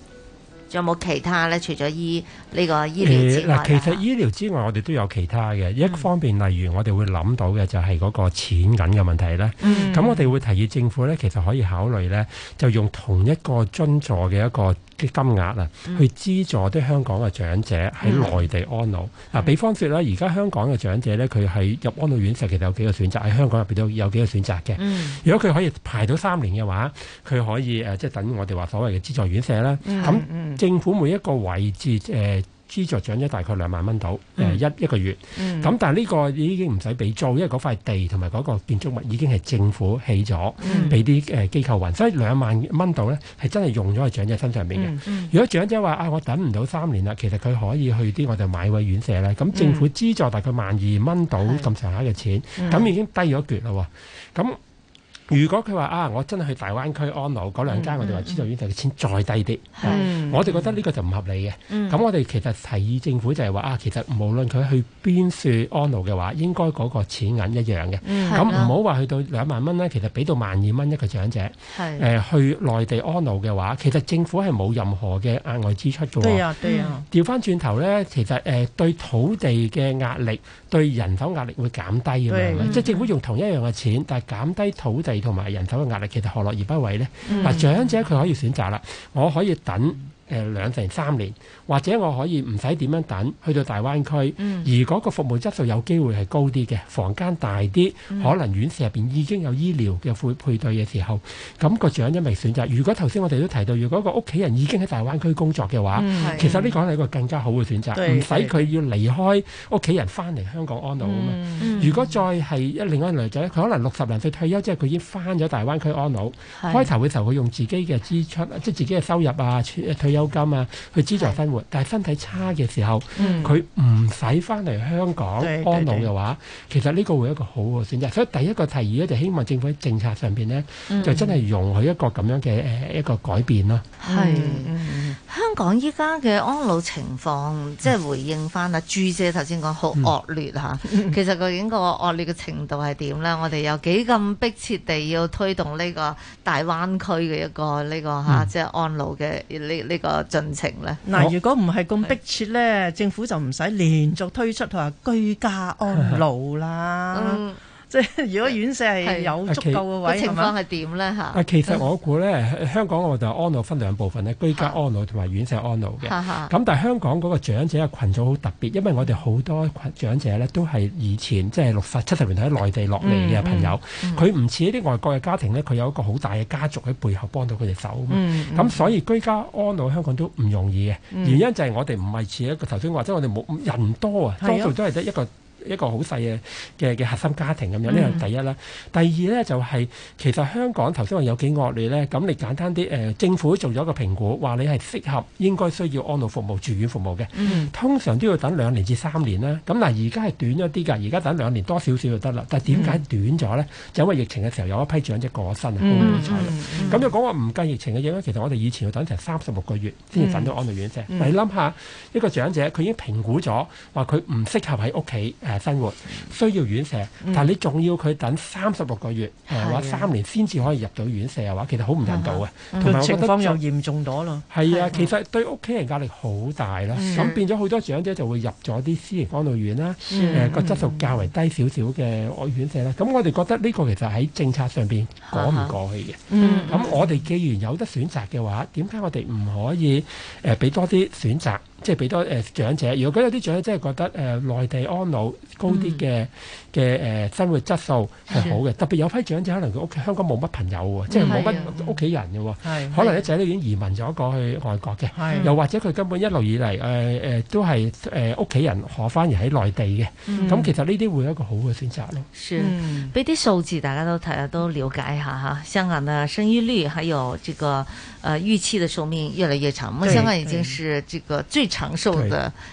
仲有冇其他咧？除咗醫呢、呢個醫療之外，嗱，其實醫療之外，我哋都有其他嘅一方面。例如，我哋會諗到嘅就係嗰個錢銀嘅問題咧。咁、嗯、我哋會提議政府咧，其實可以考慮咧，就用同一個津助嘅一個嘅金額啊，嗯、去資助啲香港嘅長者喺內地安老。嗱、嗯啊，比方說咧，而家香港嘅長者咧，佢喺入安老院舍其實有幾個選擇，喺香港入邊都有幾個選擇嘅。嗯、如果佢可以排到三年嘅話，佢可以誒、啊，即係等我哋話所謂嘅資助院舍啦。咁政府每一個位置誒、呃、資助長者大概兩萬蚊到誒一一個月，咁、嗯、但係呢個已經唔使俾租，因為嗰塊地同埋嗰個建築物已經係政府起咗，俾啲誒機構運，所以兩萬蚊到咧係真係用咗喺長者身上面嘅。嗯嗯、如果長者話啊，我等唔到三年啦，其實佢可以去啲我哋買位院舍啦。咁政府資助大概萬二蚊到咁上下嘅錢，咁、嗯嗯、已經低咗一橛啦喎，咁、呃。嗯如果佢話啊，我真係去大灣區安老嗰兩間，嗯、我哋話資助院就嘅錢再低啲，是嗯、我哋覺得呢個就唔合理嘅。咁、嗯、我哋其實提議政府就係話啊，其實無論佢去邊處安老嘅話，應該嗰個錢銀一樣嘅。咁唔好話去到兩萬蚊呢，其實俾到萬二蚊一個長者，誒是、呃、去內地安老嘅話，其實政府係冇任何嘅額外支出做、啊。對啊，調翻轉頭呢，其實誒、呃、對土地嘅壓力、對人口壓力會減低咁樣嘅，即係政府用同一樣嘅錢，嗯、但係減低土地。同埋人手嘅壓力，其實何樂而不為呢？嗱、嗯，長者佢可以選擇啦，我可以等。誒、呃、兩成三年，或者我可以唔使點樣等，去到大灣區，嗯、而嗰個服務質素有機會係高啲嘅，房間大啲，嗯、可能院舍入邊已經有醫療嘅配配對嘅時候，咁、嗰個長者一咪選擇。如果頭先我哋都提到，如果個屋企人已經喺大灣區工作嘅話，嗯、是其實呢個係一個更加好嘅選擇，唔使佢要離開屋企人翻嚟香港安老啊嘛。嗯嗯、如果再係一另一個女仔，佢可能六十零歲退休，即係佢已經翻咗大灣區安老，是開頭嘅時候佢用自己嘅支出，即係自己嘅收入啊，退休、啊。租金啊，去資助生活，是但係身體差嘅時候，佢唔使翻嚟香港安老嘅話，其實呢個會係一個好嘅選擇。所以第一個提議咧，就希望政府喺政策上邊咧，嗯、就真係容許一個咁樣嘅誒一個改變咯。係、嗯嗯、香港依家嘅安老情況，即係回應翻啊、嗯、朱姐頭先講好惡劣嚇、嗯啊，其實究竟個惡劣嘅程度係點咧？我哋有幾咁迫切地要推動呢個大灣區嘅一個呢、這個嚇，啊嗯、即係安老嘅呢呢個。啊，盡情咧！嗱、啊，如果唔係咁迫切咧，哦、政府就唔使連續推出同居家安老啦。的即係 如果院舍係有足夠嘅位置，情況係點咧嚇？啊，其，嗎其實我估咧，香港我就安老分兩部分咧， 居家安老同埋院舍安老嘅。咁 但係香港嗰個長者嘅羣組好特別，因為我哋好多羣長者咧都係以前即係、就是、六七十年代喺內地落嚟嘅朋友，佢唔似一啲外國嘅家庭咧，佢有一個好大嘅家族喺背後幫到佢哋手。咁所以居家安老香港都唔容易嘅，原因就係我哋唔係似一個頭先話，即係我哋冇人多啊，多數都係得一個。一個好細嘅嘅嘅核心家庭咁樣，呢個第一啦。嗯、第二呢、就是，就係其實香港頭先話有幾惡劣呢。咁你簡單啲誒、呃，政府做咗個評估，話你係適合應該需要安老服務、住院服務嘅，嗯、通常都要等兩年至三年啦。咁嗱，而家係短咗啲㗎，而家等兩年多少少就得啦。但係點解短咗呢？嗯、就因為疫情嘅時候有一批長者過身啊，咁就講話唔計疫情嘅原因，其實我哋以前要等成三十六個月先至等到安老院啫。嗯、你諗下、嗯、一個長者佢已經評估咗，話佢唔適合喺屋企。生活需要院舍，但係你仲要佢等三十六個月，誒或三年先至可以入到院舍嘅話，其實好唔人道嘅。同埋我覺得情況又嚴重咗咯。係啊，其實對屋企人壓力好大啦。咁變咗好多長者就會入咗啲私營安老院啦。誒個質素較為低少少嘅院舍啦。咁我哋覺得呢個其實喺政策上面講唔過去嘅。咁我哋既然有得選擇嘅話，點解我哋唔可以誒俾多啲選擇？即係俾多誒、呃、長者，如果嗰啲啲長者真係覺得誒、呃、內地安老高啲嘅。嗯嘅誒、呃、生活質素係好嘅，是特別有批長者可能佢屋企香港冇乜朋友喎、啊，啊、即係冇乜屋企人嘅、啊、喎，啊、可能一仔都已經移民咗過去外國嘅，啊、又或者佢根本一路以嚟誒誒都係誒屋企人可翻而喺內地嘅，咁、嗯、其實呢啲會有一個好嘅選擇咯。嗯，俾啲數字大家都睇下，都了解下嚇，香港嘅生育率，還有這個預、呃、期嘅壽命越來越長，咁對、嗯、香港已經係這個最長壽嘅。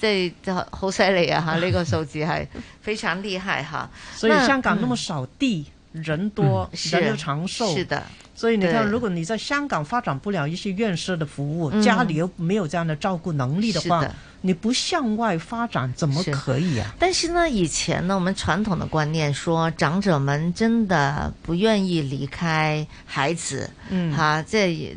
這這好犀利啊！哈，呢個數字還非常厲害哈。所以香港那麼少地，人多人又長壽。是的。所以你看，如果你在香港發展不了一些院舍的服務，家裏又沒有這樣的照顧能力的話，嗯、是的，你不向外發展怎麼可以啊？但是呢，以前呢，我們傳統的觀念說長者們真的不願意離開孩子，哈、嗯，這也。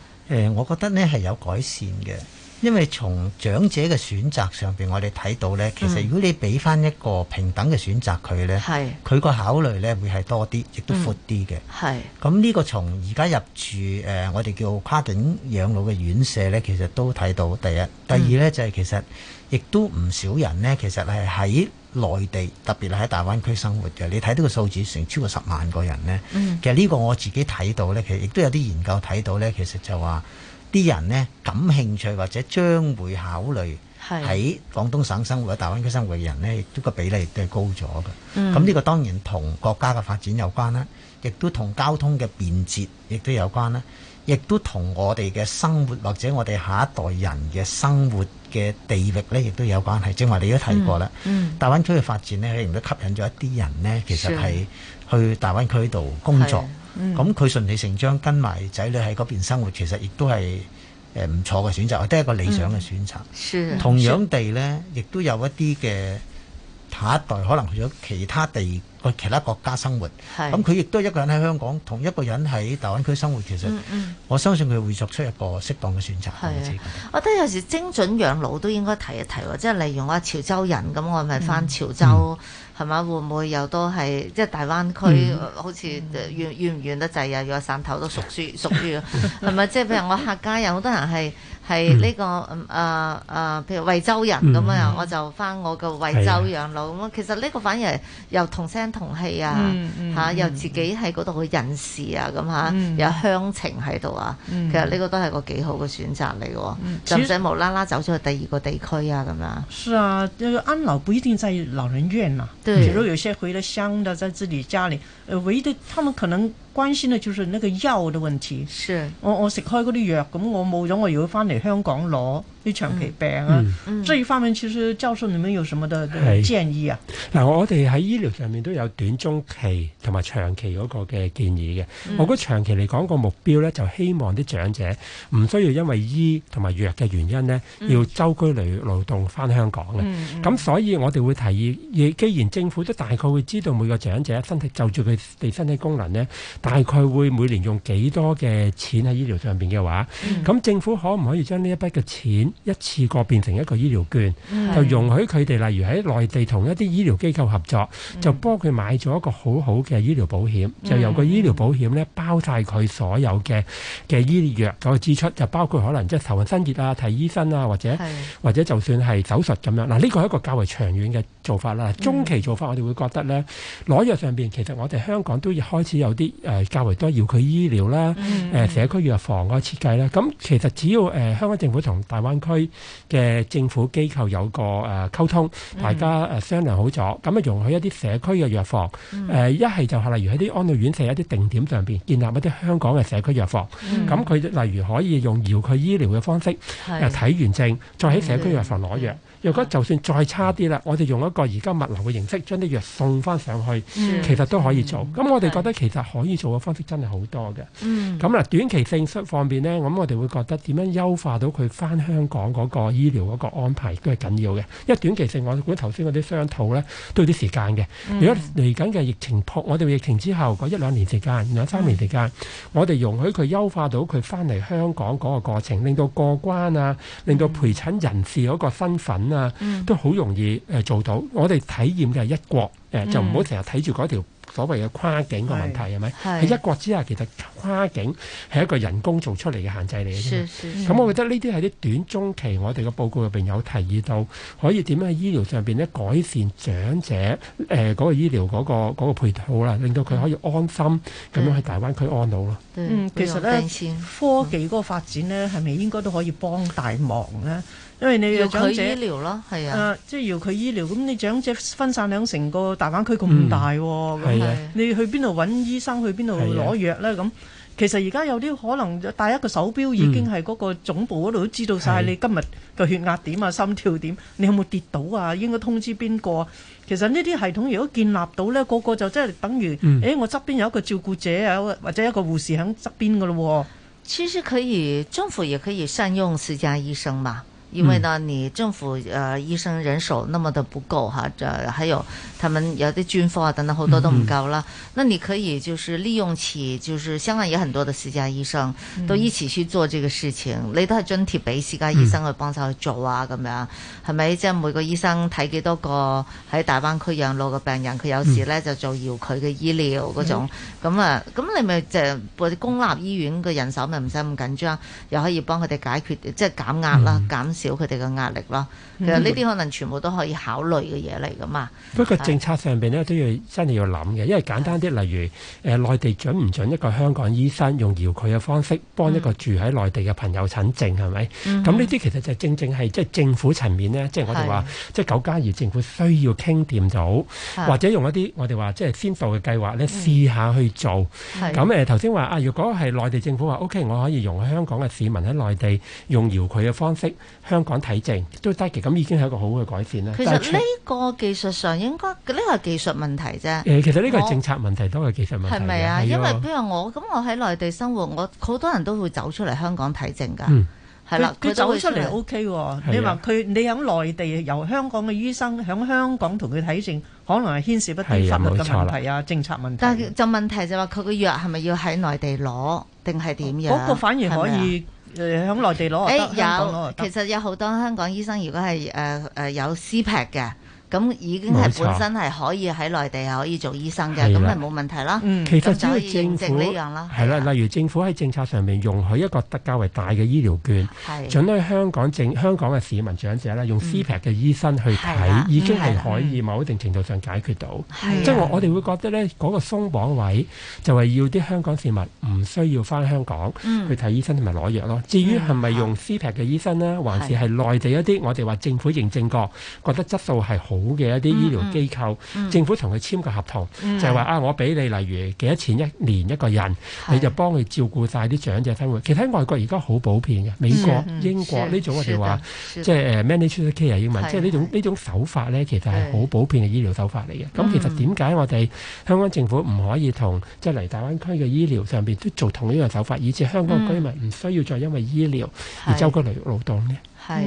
誒、呃，我覺得呢係有改善嘅，因為從長者嘅選擇上邊，我哋睇到呢。其實如果你俾翻一個平等嘅選擇佢、嗯、呢，係佢、嗯、個考慮呢會係多啲，亦都闊啲嘅。係，咁呢個從而家入住誒、呃，我哋叫跨境養老嘅院舍呢，其實都睇到第一，第二呢，嗯、就係其實亦都唔少人呢，其實係喺內地特別係喺大灣區生活嘅，你睇到個數字成超過十萬個人呢。嗯、其實呢個我自己睇到呢，其實亦都有啲研究睇到呢，其實就話啲人呢，感興趣或者將會考慮喺廣東省生活、喺大灣區生活嘅人呢，亦都個比例都係高咗嘅。咁呢、嗯、個當然同國家嘅發展有關啦，亦都同交通嘅便捷亦都有關啦，亦都同我哋嘅生活或者我哋下一代人嘅生活嘅地域咧，亦都有關係。正話你都提過啦，嗯，嗯，大灣區嘅發展咧，佢亦都吸引咗一啲人咧，是其實係去大灣區度工作，咁佢順理成章跟埋仔女喺嗰邊生活，其實亦都係誒唔錯嘅選擇，都係一個理想嘅選擇，嗯，同樣地咧，是亦都有一啲嘅下一代可能去咗其他地。去其他國家生活，咁佢亦都一個人喺香港，同一個人喺大灣區生活，其實我相信佢會作出一個適當嘅選擇。我覺得有時精準養老都應該提一提喎，即係例如我係潮州人咁，我咪翻潮州係嘛？會唔會又都係即係大灣區？好似遠遠唔遠得滯啊！如果汕頭都屬於屬於，係咪？即係譬如我客家人，好多人係係呢個誒誒，譬如惠州人咁樣，我就翻我個惠州養老咁。其實呢個反而係又同聲。同氣、嗯嗯、啊，吓又自己喺嗰度嘅人士啊，咁、啊、吓、嗯、有鄉情喺度啊，其實呢個都係個幾好嘅選擇嚟，就唔使無啦啦走咗去第二個地區啊，咁樣。是啊，安、嗯、老不一定在老人院啦，比如有些回咗鄉嘅，在自己家裏、呃，唯一的，他們可能。關心呢，就是呢個藥嘅問題。是我我食開嗰啲藥，咁我冇咗，我要翻嚟香港攞啲長期病啊。呢一、嗯嗯、方面，其實教授，你們有什麼的是建議啊？嗱，我哋喺醫療上面都有短中期同埋長期嗰個嘅建議嘅。嗯、我覺得長期嚟講，個目標呢，就希望啲長者唔需要因為醫同埋藥嘅原因呢，嗯、要周居嚟勞動翻香港嘅。咁、嗯嗯、所以我哋會提議，既然政府都大概會知道每個長者身體就住佢哋身體功能呢。大概會每年用幾多嘅錢喺醫療上邊嘅話，咁政府可唔可以將呢一筆嘅錢一次過變成一個醫療券，就容許佢哋例如喺內地同一啲醫療機構合作，就幫佢買咗一個好好嘅醫療保險，就由個醫療保險咧包晒佢所有嘅嘅醫藥嗰個支出，就包括可能即係頭暈身熱啊、睇醫生啊，或者是的 或者就算係手術咁樣，嗱、啊，呢個係一個較為長遠嘅。做法啦，中期做法我哋會覺得呢，攞藥上面，其實我哋香港都要開始有啲誒、呃、較為多遙距醫療啦、嗯呃，社區藥房嘅設計啦。咁、呃、其實只要、呃、香港政府同大灣區嘅政府機構有個溝、呃、通，大家、呃、商量好咗，咁、呃、啊容許一啲社區嘅藥房，嗯呃、一係就係例如喺啲安老院舍、一啲定點上面建立一啲香港嘅社區藥房，咁佢、嗯呃、例如可以用遙距醫療嘅方式睇是、呃、完症，再喺社區藥房攞藥。的若果就算再差啲啦，我哋用一個而家物流嘅形式，將啲藥送翻上去，嗯、其實都可以做。咁、嗯、我哋覺得其實可以做嘅方式真係好多嘅。咁嗱、嗯，短期性質方面呢，咁我哋會覺得點樣優化到佢翻香港嗰個醫療嗰個安排都係緊要嘅，因為短期性我估頭先嗰啲商討呢都有啲時間嘅。如果嚟緊嘅疫情僕，我哋疫情之後嗰一兩年時間、兩三年時間，嗯、我哋容許佢優化到佢翻嚟香港嗰個過程，令到過關啊，令到陪診人士嗰個身份。啊，嗯、都好容易誒做到。我哋體驗嘅係一國誒，嗯、就唔好成日睇住嗰條所謂嘅跨境個問題係咪？係一國之下，其實跨境係一個人工做出嚟嘅限制嚟嘅。咁我覺得呢啲係啲短中期，我哋嘅報告入邊有提議到，可以點樣喺醫療上邊咧改善長者誒嗰、呃嗰個醫療嗰、嗰個嗰個配套啦，令到佢可以安心咁樣喺大灣區安老咯。嗯，其實咧、嗯、科技嗰個發展咧，係咪應該都可以幫大忙咧？因為你嘅長者，即係要佢醫療咯，係啊，即係要佢醫療。咁你長者分散兩成個大灣區咁大喎，哦，嗯啊、你去邊度揾醫生去邊度攞藥咧？咁、啊、其實而家有啲可能帶一個手錶，已經係嗰個總部嗰度都知道晒。你今日嘅血壓點啊、心跳點，是你有冇跌倒啊？應該通知邊個、啊？其實呢啲系統如果建立到咧，個個就真係等於誒、嗯欸，我側邊有一個照顧者啊，或者一個護士喺側邊嘅咯。其實可以，政府也可以善用私家醫生嘛。因為呢，嗯、你政府、呃醫生人手那麼的不夠哈，這還有，他們有啲專科啊，等等好多都唔夠啦。嗯、那你可以就是利用起，就是香港有很多的私家醫生、嗯、都一起去做這個事情，你都係津貼俾私家醫生去幫手去做啊，咁、嗯、樣係咪？即係每個醫生睇幾多個喺大灣區養老嘅病人，佢有時咧就做遙距嘅醫療嗰種，咁啊、嗯、咁、嗯、你咪即係公立醫院嘅人手咪唔使咁緊張，又可以幫佢哋解決，即係減壓啦，嗯、減。少佢哋嘅壓力咯，其實呢啲可能全部都可以考慮嘅嘢嚟㗎嘛。不過政策上面呢都要真係要諗嘅，因為簡單啲，是的 例如誒、呃、內地準唔準一個香港醫生用遙距嘅方式幫一個住喺內地嘅朋友診症係咪？咁呢啲其實就是正正係即係政府層面呢。即、就、係、是、我哋話即係九加二政府需要傾掂到，是的 或者用一啲我哋話即係先導嘅計劃呢、嗯、試下去做。咁誒頭先話啊，如果係內地政府話 O K，我可以用香港嘅市民喺內地用遙距嘅方式。香港睇症都得嘅，咁已經係一個好嘅改善啦。其實呢個技術上應該，呢個係技術問題啫。誒，其實呢個係政策問題，都係技術問題。係咪啊？因為譬如我咁，我喺內地生活，我好多人都會走出嚟香港睇症㗎。係啦，佢走出嚟 O K 喎。你話佢你喺內地由香港嘅醫生喺香港同佢睇症，可能係牽涉不啲法律嘅問題啊，政策問題。但係就問題就話佢個藥係咪要喺內地攞定係點樣？嗰個反而可以。誒喺內地攞、欸，得得有，得得其實有好多香港醫生，如果係誒、呃呃、有私牌嘅。咁已經係本身係可以喺內地係可以做醫生嘅，咁咪冇問題啦。嗯、其實只要政府呢樣啦，係啦，例如政府喺政策上面容許一個特較為大嘅醫療券，的準許香港政香港嘅市民長者咧用私 c 嘅醫生去睇，嗯、已經係可以某一定程度上解決到。即係我哋會覺得呢嗰、嗰個鬆綁位就係要啲香港市民唔需要翻香港去睇醫生同埋攞藥咯。至於係咪用私 c 嘅醫生呢？還是係內地一啲的我哋話政府認證過，覺得質素係好好嘅一啲醫療機構，政府同佢簽個合同，就係話啊，我俾你例如幾多錢一年一個人，你就幫佢照顧晒啲長者生活。其實喺外國而家好普遍嘅，美國、英國呢種我哋話即係 managed care 英文，即係呢種呢種手法咧，其實係好普遍嘅醫療手法嚟嘅。咁其實點解我哋香港政府唔可以同即係嚟大灣區嘅醫療上邊都做同一樣手法，以至香港居民唔需要再因為醫療而周街嚟勞動呢？係，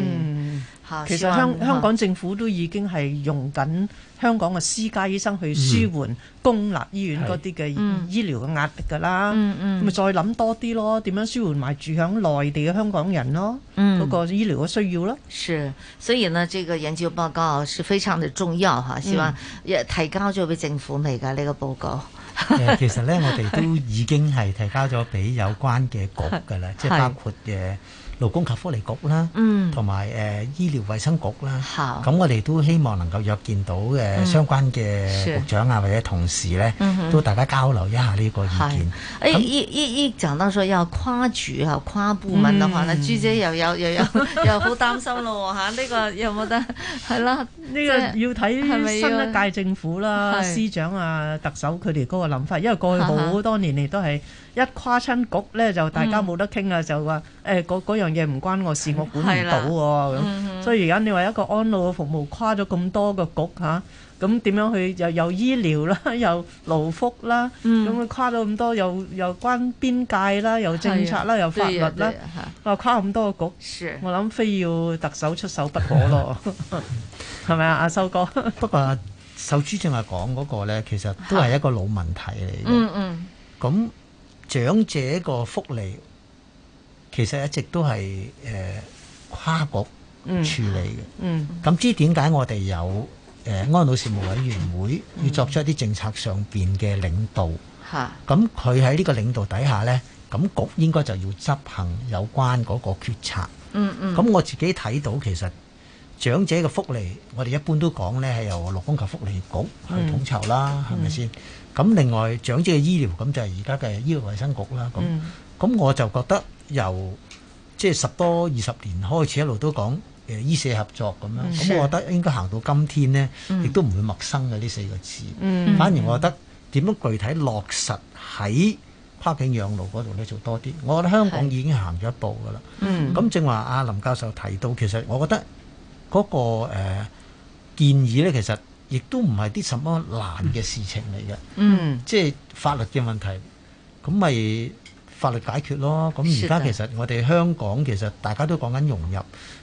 其實香港香港政府都已經係用緊香港嘅私家醫生去舒緩公立醫院嗰啲嘅醫療嘅壓力㗎啦，咪是、嗯、再諗多啲咯，點樣舒緩埋住響內地嘅香港人咯，嗰、嗯、個醫療嘅需要咯。是，所以呢，這個研究報告是非常的重要嚇，希望、嗯、提交咗俾政府嚟㗎呢個報告 呃。其實呢，我哋都已經係提交咗俾有關嘅局㗎啦， 即係包括嘅。勞工及福利局啦，同埋誒醫療衞生局啦，咁、嗯、我哋都希望能夠約見到誒相關嘅局長啊，嗯、或者同事咧，都大家交流一下呢個意見。誒依依依，講到說要跨住啊，跨部門嘅話咧，朱姐又有又有又好擔心咯嚇，呢個有冇得係啦？呢、就是、個要睇係咪新一屆政府啦，是是司長啊、是特首佢哋嗰個諗法，因為過去好多年嚟都係。一跨親局咧，就大家冇得傾啊！就話誒，嗰樣嘢唔關我事，我管唔到喎咁。所以而家你話一個安老嘅服務跨咗咁多個局嚇，咁點樣去又有醫療啦，又勞福啦，咁佢跨咗咁多又又關邊界啦，又政策啦，又法律啦，啊跨咁多個局，我諗非要特首出手不可咯，係咪啊？阿修哥，不過阿修豬正話講嗰個咧，其實都係一個老問題嚟嘅。嗯嗯，咁。長者個福利其實一直都係、呃、跨局處理嘅，咁、嗯嗯、知點解我哋有、呃、安老事務委員會要作出一啲政策上面嘅領導。咁佢喺呢個領導底下呢，咁局應該就要執行有關嗰個決策。咁、嗯嗯、我自己睇到其實長者嘅福利，我哋一般都講呢係由勞工及福利局去統籌啦，係咪先？吧咁另外長者嘅醫療咁就係而家嘅醫療衛生局啦。咁咁、嗯、我就覺得由即係、就是、十多二十年開始一路都講誒、呃、醫社合作咁樣，咁是我覺得應該行到今天呢，亦、嗯、都唔會陌生嘅呢四個字。嗯、反而我覺得點樣具體落實喺跨境養老嗰度呢，做多啲。我覺得香港已經行咗一步噶啦。咁正話阿林教授提到，其實我覺得嗰、那個、呃、建議呢，其實。亦都唔係啲乜難嘅事情嚟嘅，嗯，即係法律嘅問題，咁咪法律解決咯。咁而家其實我哋香港的其實大家都講緊融入，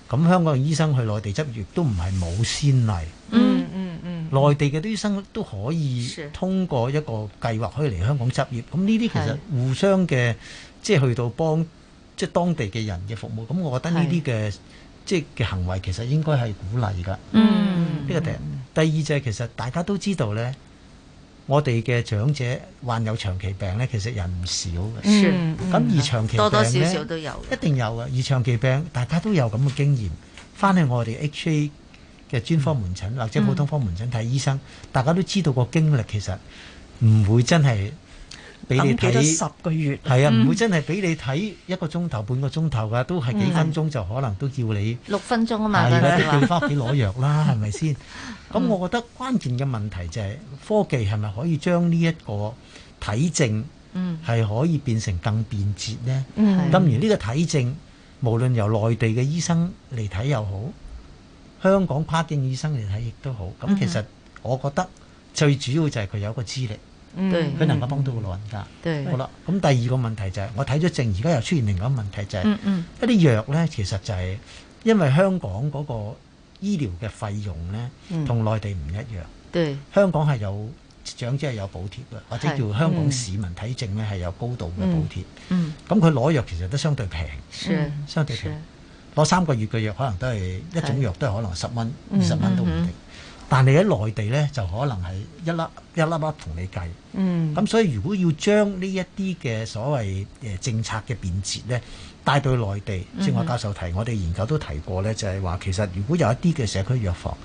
咁香港嘅醫生去內地執業都唔係冇先例。嗯嗯嗯，內、嗯嗯、地嘅啲醫生都可以通過一個計劃可以嚟香港執業，咁呢啲其實互相嘅是即係去到幫即係當地嘅人嘅服務。咁我覺得呢啲嘅即係嘅行為其實應該係鼓勵㗎、嗯。嗯，呢個第一。第二就係、是、其實大家都知道咧，我哋嘅長者患有長期病咧，其實人唔少嘅。咁、嗯嗯、而長期病多多少少都有，一定有嘅，而長期病大家都有咁嘅經驗。翻去我哋 HA 嘅專科門診、嗯、或者普通科門診睇醫生，嗯、大家都知道個經歷其實唔會真係。俾你睇十個月，係啊，唔、嗯、會真係俾你睇一個鐘頭、半個鐘頭噶，都係幾分鐘就可能都叫你、嗯、六分鐘啊嘛，係咪、啊、你叫翻屋企攞藥啦，係咪先？咁我覺得關鍵嘅問題就係、是嗯、科技係咪可以將呢一個睇症，係可以變成更便捷呢？咁而呢個睇症，無論由內地嘅醫生嚟睇又好，香港跨境醫生嚟睇亦都好，咁其實我覺得最主要就係佢有一個資歷。嗯，佢能夠幫到個老人家。對，好啦，咁第二個問題就係我睇咗症，而家又出現另外一個問題就係，一啲藥咧其實就係因為香港嗰個醫療嘅費用咧，同內地唔一樣。對，香港係有，長者係有補貼嘅，或者叫香港市民睇症咧係有高度嘅補貼。嗯，咁佢攞藥其實都相對平，相對平，攞三個月嘅藥可能都係一種藥都係可能十蚊、二十蚊都唔定。但係喺內地呢，就可能係一粒一粒粒同你計。嗯。咁所以如果要將呢一啲嘅所謂誒政策嘅便捷呢，帶到內地，正係我教授提，我哋研究都提過呢，就係話其實如果有一啲嘅社區的藥房，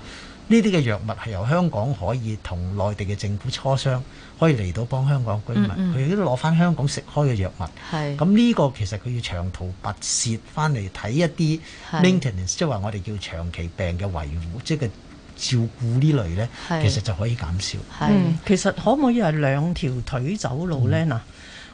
呢啲嘅藥物係由香港可以同內地嘅政府磋商，可以嚟到幫香港居民，佢都攞翻香港食開嘅藥物。係是。咁呢個其實佢要長途跋涉翻嚟睇一啲 maintenance，即係話我哋叫長期病嘅維護，即係。照顧呢類呢，其實就可以減少。嗯、其實可唔可以係兩條腿走路呢？嗱、嗯，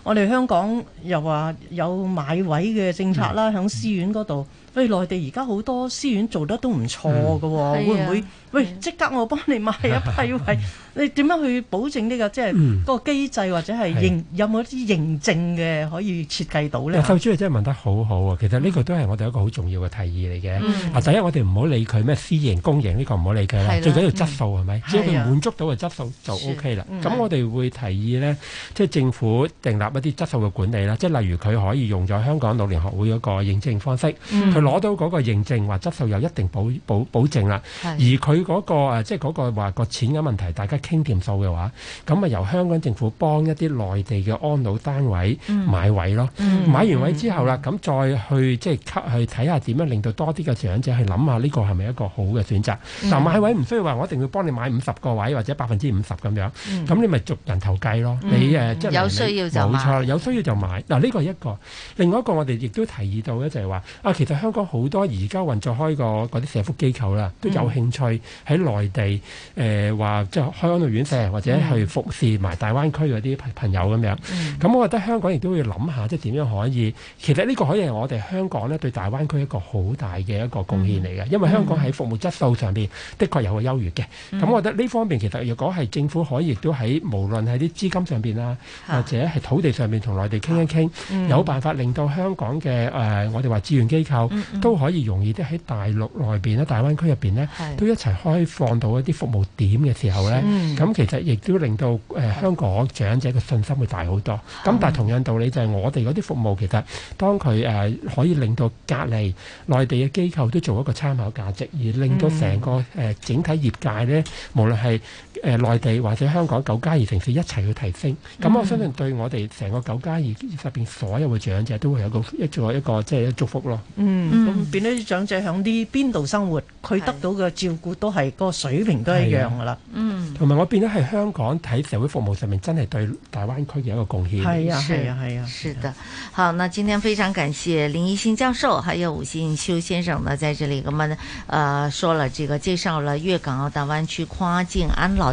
我哋香港又話有買位嘅政策啦，喺、嗯、私院嗰度。喂、哎，內地而家好多私院做得都唔錯㗎喎、哦，嗯、會唔會？啊啊、喂，即刻我幫你買一批位。 你點樣去保證呢、這個即係個機制，或者係認、嗯、有冇一啲認證嘅可以設計到呢？教授、呃、你真係問得好好啊！其實呢個都係我哋一個好重要嘅提議嚟嘅、嗯啊。第一我哋唔好理佢咩私營公營呢、這個唔好理佢啦，啦最緊要質素係咪？只要佢滿足到個質素就 O K 啦。咁、嗯、我哋會提議呢，即係政府訂立一啲質素嘅管理啦，即係例如佢可以用咗香港老年學會嗰個認證方式，佢攞、嗯、到嗰個認證，話質素有一定保保保證啦。是而佢嗰、嗰個即係嗰個話個錢嘅問題，大家。傾掂數嘅話，咁咪由香港政府幫一啲內地嘅安老單位買位咯。嗯、買完位之後啦，咁、嗯嗯、再去即係、就是、去睇下點樣令到多啲嘅長者去諗下呢個係咪一個好嘅選擇。嗱、嗯啊，買位唔需要話我一定要幫你買五十個位或者百分之五十咁樣，咁、嗯、你咪逐人頭計咯。嗯、你誒有需要就冇錯，有需要就買。嗱，呢個、啊、一個，另外一個我哋亦都提議到咧，就係話啊，其實香港好多而家運作開個嗰啲社福機構啦，都有興趣喺內地誒話即係開。幫到院舍或者去服侍埋大灣區嗰啲朋友咁樣咁、嗯、我覺得香港亦都要諗下，即係點樣可以。其實呢個可以係我哋香港咧對大灣區一個好大嘅一個貢獻嚟嘅。因為香港喺服務質素上邊的確有個優越嘅。咁我覺得呢方面其實，如果係政府可以亦都喺無論係啲資金上邊啊，或者係土地上面同內地傾一傾，啊啊嗯、有辦法令到香港嘅誒、呃，我哋話志願機構、嗯嗯、都可以容易啲喺大陸內邊咧、大灣區入邊咧，是都一齊開放到一啲服務點嘅時候咧。嗯咁其實亦都令到誒香港長者嘅信心會大好多。咁但係同樣道理就係我哋嗰啲服務其實當佢誒可以令到隔離內地嘅機構都做一個參考價值，而令到成個誒整體業界呢，無論係，誒內、呃、地或者香港九加二城市一齊去提升，咁我相信對我哋成個九加二入邊所有嘅長者都會有一個一做一個即係祝福咯。嗯，咁、嗯嗯、變咗啲長者喺啲邊度生活，佢得到嘅照顧都係嗰是個水平都一樣噶啦。啊、嗯，同埋我變咗係香港喺社會服務上面真係對大灣區嘅一個貢獻。係啊係啊係啊，是，啊是，啊是，啊是的。好，那今天非常感謝林一星教授，還有伍杏修先生呢，在這裡咁樣，誒、呃，説了這個介紹了粵港澳大灣區跨境安老。